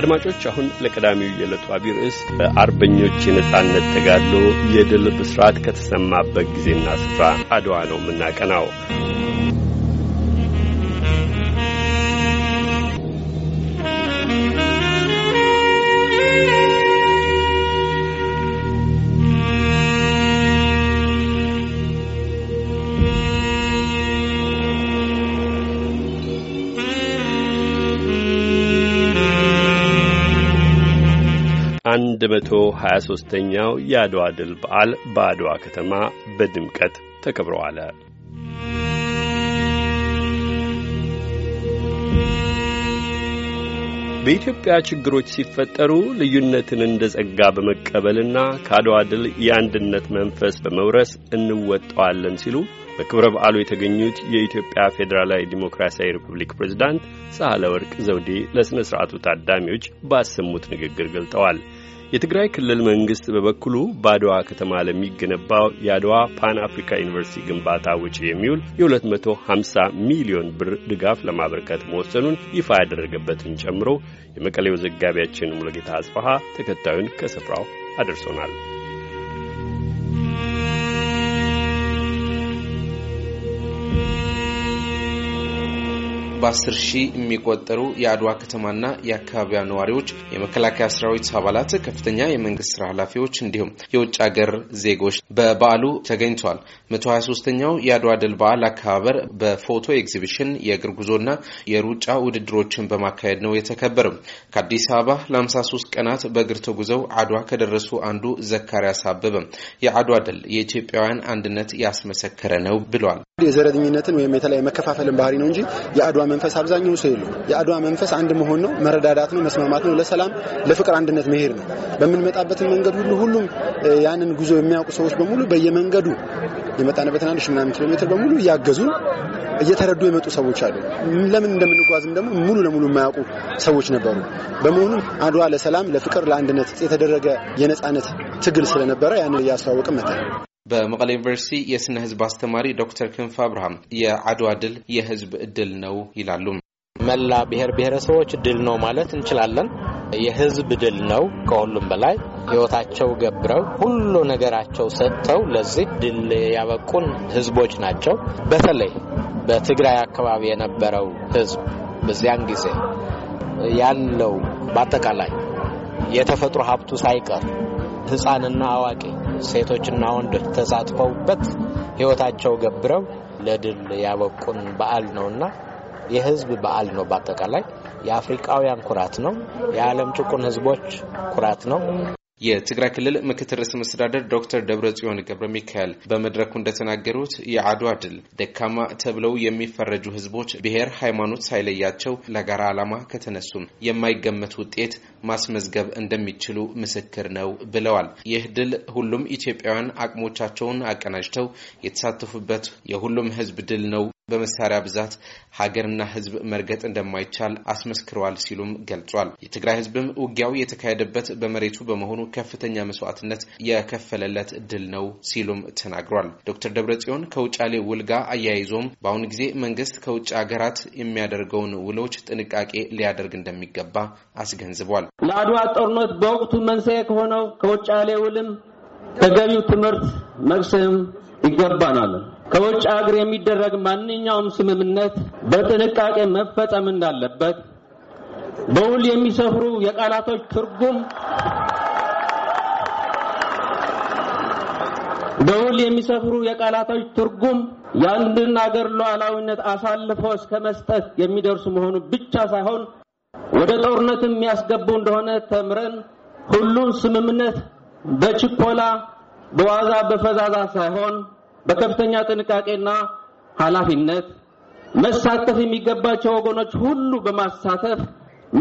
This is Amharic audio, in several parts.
አድማጮች አሁን ለቀዳሚው የዕለቱ አቢይ ርዕስ በአርበኞች የነጻነት ተጋድሎ የድል ብስራት ከተሰማበት ጊዜና ስፍራ አድዋ ነው የምናቀናው። 123ኛው የአድዋ ድል በዓል በአድዋ ከተማ በድምቀት ተከብረዋል። በኢትዮጵያ ችግሮች ሲፈጠሩ ልዩነትን እንደ ጸጋ በመቀበልና ከአድዋ ድል የአንድነት መንፈስ በመውረስ እንወጣዋለን ሲሉ በክብረ በዓሉ የተገኙት የኢትዮጵያ ፌዴራላዊ ዲሞክራሲያዊ ሪፑብሊክ ፕሬዝዳንት ሳህለወርቅ ዘውዴ ለሥነ ሥርዓቱ ታዳሚዎች ባሰሙት ንግግር ገልጠዋል። የትግራይ ክልል መንግስት በበኩሉ በአድዋ ከተማ ለሚገነባው የአድዋ ፓን አፍሪካ ዩኒቨርሲቲ ግንባታ ውጪ የሚውል የ250 ሚሊዮን ብር ድጋፍ ለማበርከት መወሰኑን ይፋ ያደረገበትን ጨምሮ የመቀሌው ዘጋቢያችን ሙሉጌታ አጽፋሃ ተከታዩን ከስፍራው አድርሶናል። በአስር ሺህ የሚቆጠሩ የአድዋ ከተማና የአካባቢዋ ነዋሪዎች፣ የመከላከያ ሰራዊት አባላት፣ ከፍተኛ የመንግስት ስራ ኃላፊዎች እንዲሁም የውጭ ሀገር ዜጎች በበዓሉ ተገኝተዋል። መቶ ሀያ ሶስተኛው የአድዋ ድል በዓል አከባበር በፎቶ ኤግዚቢሽን የእግር ጉዞና የሩጫ ውድድሮችን በማካሄድ ነው የተከበረው። ከአዲስ አበባ ለሀምሳ ሶስት ቀናት በእግር ተጉዘው አድዋ ከደረሱ አንዱ ዘካሪያስ አበበ የአድዋ ድል የኢትዮጵያውያን አንድነት ያስመሰከረ ነው ብሏል። የዘረኝነትን ወይም የተለያየ መከፋፈልን ባህሪ ነው እንጂ የአድዋ መንፈስ አብዛኛው ሰው የለው የአድዋ መንፈስ አንድ መሆን ነው፣ መረዳዳት ነው፣ መስማማት ነው፣ ለሰላም ለፍቅር አንድነት መሄድ ነው። በምንመጣበትን መንገድ ሁሉ ሁሉም ያንን ጉዞ የሚያውቁ ሰዎች በሙሉ በየመንገዱ የመጣንበትን አንድ ሺህ ምናምን ኪሎ ሜትር በሙሉ እያገዙ እየተረዱ የመጡ ሰዎች አሉ። ለምን እንደምንጓዝም ደግሞ ሙሉ ለሙሉ የማያውቁ ሰዎች ነበሩ። በመሆኑም አድዋ ለሰላም ለፍቅር፣ ለአንድነት የተደረገ የነጻነት ትግል ስለነበረ ያንን እያስተዋወቅን መጣ። በመቀለ ዩኒቨርሲቲ የስነ ህዝብ አስተማሪ ዶክተር ክንፍ አብርሃም የአድዋ ድል የህዝብ ድል ነው ይላሉ። መላ ብሔር ብሔረሰቦች ድል ነው ማለት እንችላለን። የህዝብ ድል ነው። ከሁሉም በላይ ህይወታቸው ገብረው ሁሉ ነገራቸው ሰጥተው ለዚህ ድል ያበቁን ህዝቦች ናቸው። በተለይ በትግራይ አካባቢ የነበረው ህዝብ በዚያን ጊዜ ያለው በአጠቃላይ የተፈጥሮ ሀብቱ ሳይቀር ህፃንና አዋቂ ሴቶችና ወንዶች ተሳትፈውበት ህይወታቸው ገብረው ለድል ያበቁን በዓል ነውና የህዝብ በዓል ነው። በአጠቃላይ የአፍሪቃውያን ኩራት ነው። የዓለም ጭቁን ህዝቦች ኩራት ነው። የትግራይ ክልል ምክትል ርዕሰ መስተዳደር ዶክተር ደብረጽዮን ገብረ ሚካኤል በመድረኩ እንደተናገሩት የአድዋ ድል ደካማ ተብለው የሚፈረጁ ህዝቦች ብሔር፣ ሃይማኖት ሳይለያቸው ለጋራ ዓላማ ከተነሱም የማይገመት ውጤት ማስመዝገብ እንደሚችሉ ምስክር ነው ብለዋል። ይህ ድል ሁሉም ኢትዮጵያውያን አቅሞቻቸውን አቀናጅተው የተሳተፉበት የሁሉም ህዝብ ድል ነው በመሳሪያ ብዛት ሀገርና ህዝብ መርገጥ እንደማይቻል አስመስክረዋል ሲሉም ገልጿል። የትግራይ ህዝብም ውጊያው የተካሄደበት በመሬቱ በመሆኑ ከፍተኛ መስዋዕትነት የከፈለለት ድል ነው ሲሉም ተናግሯል። ዶክተር ደብረጽዮን ከውጫሌ ውል ጋር አያይዞም በአሁኑ ጊዜ መንግስት ከውጭ ሀገራት የሚያደርገውን ውሎች ጥንቃቄ ሊያደርግ እንደሚገባ አስገንዝቧል። ለአድዋ ጦርነት በወቅቱ መንስኤ ከሆነው ከውጫሌ ውልም ተገቢው ትምህርት መቅሰም ይገባናል። ከውጭ ሀገር የሚደረግ ማንኛውም ስምምነት በጥንቃቄ መፈጸም እንዳለበት በውል የሚሰፍሩ የቃላቶች ትርጉም በውል የሚሰፍሩ የቃላቶች ትርጉም የአንድን አገር ሉዓላዊነት አሳልፎ እስከ መስጠት የሚደርሱ መሆኑ ብቻ ሳይሆን ወደ ጦርነት የሚያስገቡ እንደሆነ ተምረን ሁሉን ስምምነት በችኮላ በዋዛ በፈዛዛ ሳይሆን በከፍተኛ ጥንቃቄና ኃላፊነት መሳተፍ የሚገባቸው ወገኖች ሁሉ በማሳተፍ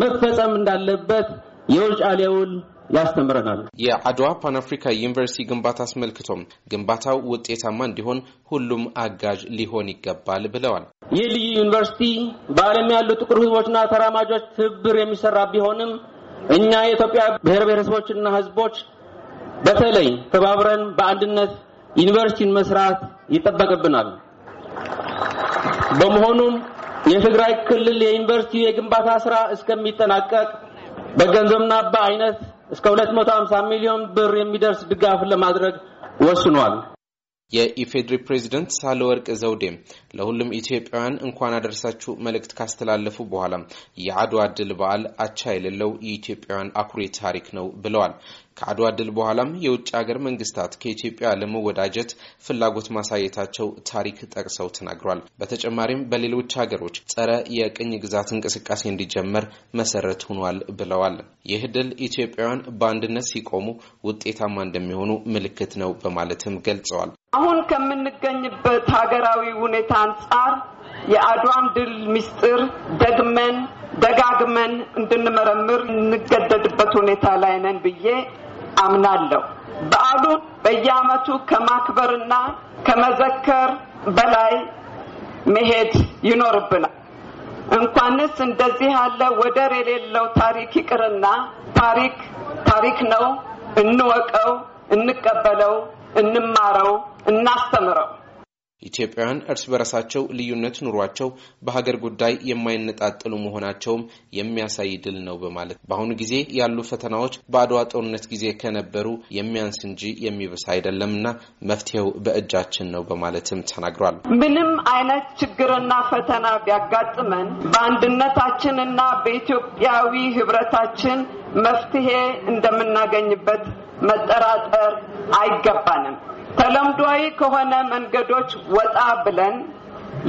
መፈጸም እንዳለበት የውጭ ውል ያስተምረናል። የአድዋ ፓን አፍሪካ ዩኒቨርሲቲ ግንባታ አስመልክቶም ግንባታው ውጤታማ እንዲሆን ሁሉም አጋዥ ሊሆን ይገባል ብለዋል። ይህ ልዩ ዩኒቨርሲቲ በዓለም ያሉ ጥቁር ሕዝቦችና ተራማጆች ትብብር የሚሰራ ቢሆንም እኛ የኢትዮጵያ ብሔር ብሔረሰቦችና ሕዝቦች በተለይ ተባብረን በአንድነት ዩኒቨርሲቲን መስራት ይጠበቅብናል። በመሆኑም የትግራይ ክልል የዩኒቨርሲቲ የግንባታ ስራ እስከሚጠናቀቅ በገንዘብና በአይነት እስከ 250 ሚሊዮን ብር የሚደርስ ድጋፍ ለማድረግ ወስኗል። የኢፌድሪ ፕሬዚደንት ሳህለወርቅ ዘውዴ ለሁሉም ኢትዮጵያውያን እንኳን አደረሳችሁ መልእክት ካስተላለፉ በኋላ የአድዋ ድል በዓል አቻ የሌለው የኢትዮጵያውያን አኩሪ ታሪክ ነው ብለዋል። ከአድዋ ድል በኋላም የውጭ ሀገር መንግስታት ከኢትዮጵያ ለመወዳጀት ፍላጎት ማሳየታቸው ታሪክ ጠቅሰው ተናግሯል። በተጨማሪም በሌሎች ሀገሮች ጸረ የቅኝ ግዛት እንቅስቃሴ እንዲጀመር መሰረት ሆኗል ብለዋል። ይህ ድል ኢትዮጵያውያን በአንድነት ሲቆሙ ውጤታማ እንደሚሆኑ ምልክት ነው በማለትም ገልጸዋል። አሁን ከምንገኝበት ሀገራዊ ሁኔታ አንጻር የአድዋን ድል ምስጢር ደግመን ደጋግመን እንድንመረምር እንገደድበት ሁኔታ ላይ ነን ብዬ አምናለሁ። በዓሉን በየዓመቱ ከማክበርና ከመዘከር በላይ መሄድ ይኖርብናል። እንኳንስ እንደዚህ ያለ ወደር የሌለው ታሪክ ይቅርና ታሪክ ታሪክ ነው፣ እንወቀው፣ እንቀበለው፣ እንማረው፣ እናስተምረው። ኢትዮጵያውያን እርስ በርሳቸው ልዩነት ኑሯቸው በሀገር ጉዳይ የማይነጣጠሉ መሆናቸውም የሚያሳይ ድል ነው በማለት በአሁኑ ጊዜ ያሉ ፈተናዎች በአድዋ ጦርነት ጊዜ ከነበሩ የሚያንስ እንጂ የሚብስ አይደለምና መፍትሄው በእጃችን ነው በማለትም ተናግሯል። ምንም አይነት ችግርና ፈተና ቢያጋጥመን በአንድነታችንና በኢትዮጵያዊ ህብረታችን መፍትሄ እንደምናገኝበት መጠራጠር አይገባንም። ተለምዷዊ ከሆነ መንገዶች ወጣ ብለን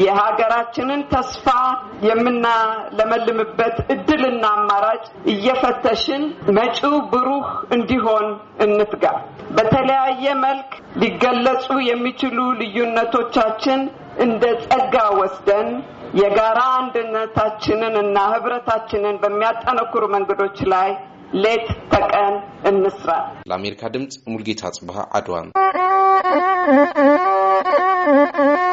የሀገራችንን ተስፋ የምናለመልምበት እድልና አማራጭ እየፈተሽን መጪው ብሩህ እንዲሆን እንትጋ። በተለያየ መልክ ሊገለጹ የሚችሉ ልዩነቶቻችን እንደ ጸጋ ወስደን የጋራ አንድነታችንን እና ህብረታችንን በሚያጠነክሩ መንገዶች ላይ ሌት ተቀን እንስራ። ለአሜሪካ ድምፅ ሙልጌታ ጽብሃ አድዋ Thank you.